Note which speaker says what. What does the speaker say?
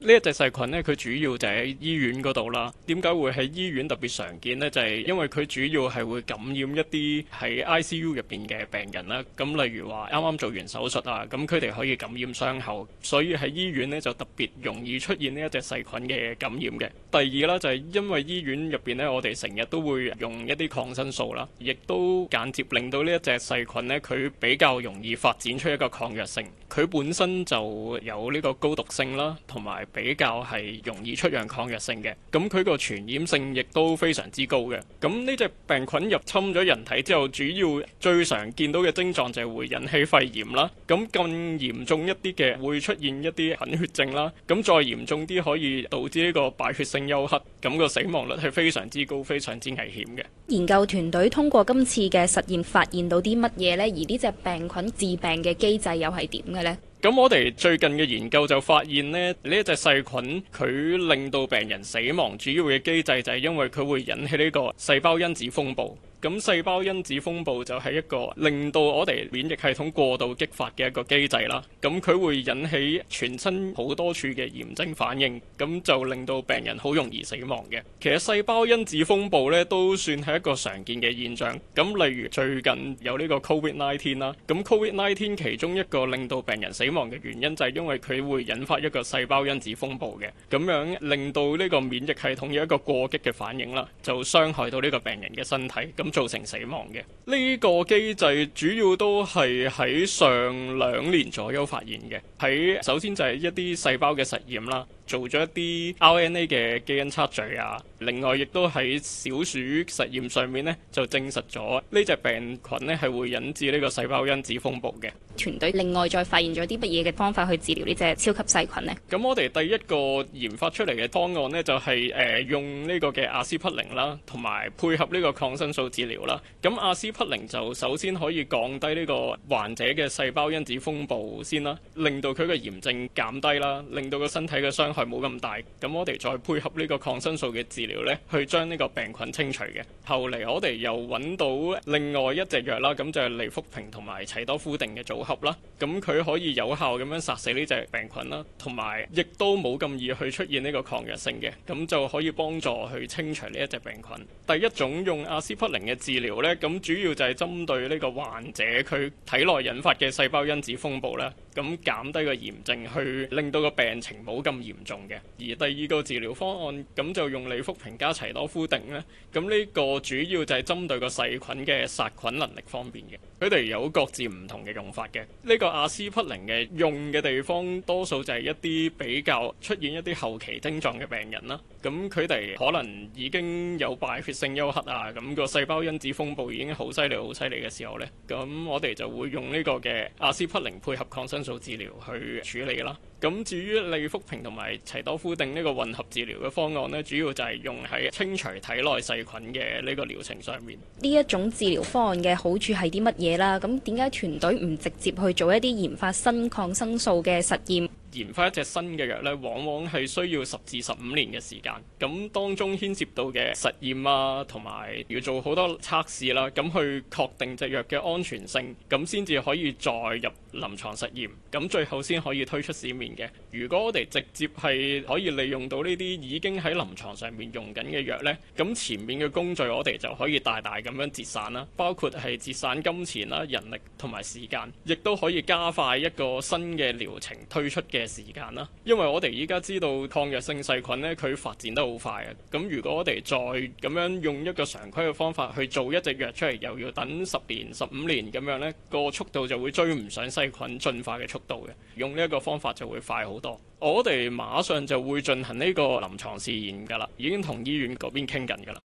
Speaker 1: 呢一隻細菌呢，佢主要就喺醫院嗰度啦。點解會喺醫院特別常見呢？就係因為佢主要係會感染一啲喺 ICU 入邊嘅病人啦。咁例如話啱啱做完手術啊，咁佢哋可以感染傷口，所以喺醫院呢就特別容易出現呢一隻細菌嘅感染嘅。第二啦，就係因為醫院入邊呢，我哋成日都會用一啲抗生素啦，亦都間接令到呢一隻細菌呢，佢比較容易發展出一個抗藥性。佢本身就有呢個高毒性啦，同埋，比較係容易出陽抗藥性嘅，咁佢個傳染性亦都非常之高嘅。咁呢隻病菌入侵咗人體之後，主要最常見到嘅症狀就係會引起肺炎啦。咁更嚴重一啲嘅會出現一啲貧血症啦。咁再嚴重啲可以導致呢個敗血性休克，咁、那個死亡率係非常之高，非常之危險嘅。
Speaker 2: 研究團隊通過今次嘅實驗發現到啲乜嘢呢？而呢隻病菌致病嘅機制又係點嘅呢？
Speaker 1: 咁我哋最近嘅研究就發現呢一隻細菌，佢令到病人死亡主要嘅機制就係因為佢會引起呢個細胞因子風暴。咁細胞因子風暴就係一個令到我哋免疫系統過度激發嘅一個機制啦。咁佢會引起全身好多處嘅炎症反應，咁就令到病人好容易死亡嘅。其實細胞因子風暴呢都算係一個常見嘅現象。咁例如最近有呢個 COVID-19 啦，咁 COVID-19 其中一個令到病人死亡嘅原因就係因為佢會引發一個細胞因子風暴嘅，咁樣令到呢個免疫系統有一個過激嘅反應啦，就傷害到呢個病人嘅身體咁。造成死亡嘅呢個機制，主要都係喺上兩年左右發現嘅。喺首先就係一啲細胞嘅實驗啦。做咗一啲 RNA 嘅基因測序啊，另外亦都喺小鼠實驗上面咧，就證實咗呢隻病菌咧係會引致呢個細胞因子風暴嘅
Speaker 2: 團隊。另外再發現咗啲乜嘢嘅方法去治療呢隻超級細菌咧？
Speaker 1: 咁我哋第一個研發出嚟嘅方案咧，就係、是、誒、呃、用呢個嘅阿司匹林啦，同埋配合呢個抗生素治療啦。咁阿司匹林就首先可以降低呢個患者嘅細胞因子風暴先啦，令到佢嘅炎症減低啦，令到個身體嘅傷，係冇咁大，咁我哋再配合呢個抗生素嘅治療呢，去將呢個病菌清除嘅。後嚟我哋又揾到另外一隻藥啦，咁就係利福平同埋齊多夫定嘅組合啦。咁佢可以有效咁樣殺死呢隻病菌啦，同埋亦都冇咁易去出現呢個抗藥性嘅，咁就可以幫助去清除呢一隻病菌。第一種用阿斯匹林嘅治療呢，咁主要就係針對呢個患者，佢體內引發嘅細胞因子風暴啦。咁減低個炎症，去令到個病情冇咁嚴重嘅。而第二個治療方案，咁就用利福平加齊多夫定呢，咁呢個主要就係針對個細菌嘅殺菌能力方面嘅。佢哋有各自唔同嘅用法嘅。呢個阿司匹林嘅用嘅地方，多數就係一啲比較出現一啲後期症狀嘅病人啦。咁佢哋可能已經有敗血性休克啊，咁個細胞因子風暴已經好犀利、好犀利嘅時候呢，咁我哋就會用呢個嘅阿司匹林配合抗生素。做治療去處理嘅啦。咁至於利福平同埋齊多夫定呢個混合治療嘅方案呢，主要就係用喺清除體內細菌嘅呢個療程上面。
Speaker 2: 呢一種治療方案嘅好處係啲乜嘢啦？咁點解團隊唔直接去做一啲研發新抗生素嘅實驗？
Speaker 1: 研發一隻新嘅藥呢，往往係需要十至十五年嘅時間。咁當中牽涉到嘅實驗啊，同埋要做好多測試啦，咁去確定隻藥嘅安全性，咁先至可以再入臨床實驗，咁最後先可以推出市面。嘅，如果我哋直接係可以利用到呢啲已經喺臨床上面用緊嘅藥咧，咁前面嘅工序我哋就可以大大咁樣節省啦，包括係節省金錢啦、人力同埋時間，亦都可以加快一個新嘅療程推出嘅時間啦。因為我哋依家知道抗藥性細菌咧，佢發展得好快啊。咁如果我哋再咁樣用一個常規嘅方法去做一隻藥出嚟，又要等十年、十五年咁樣咧，個速度就會追唔上細菌進化嘅速度嘅。用呢一個方法就會。快好多，我哋馬上就會進行呢個臨床試驗噶啦，已經同醫院嗰邊傾緊噶啦。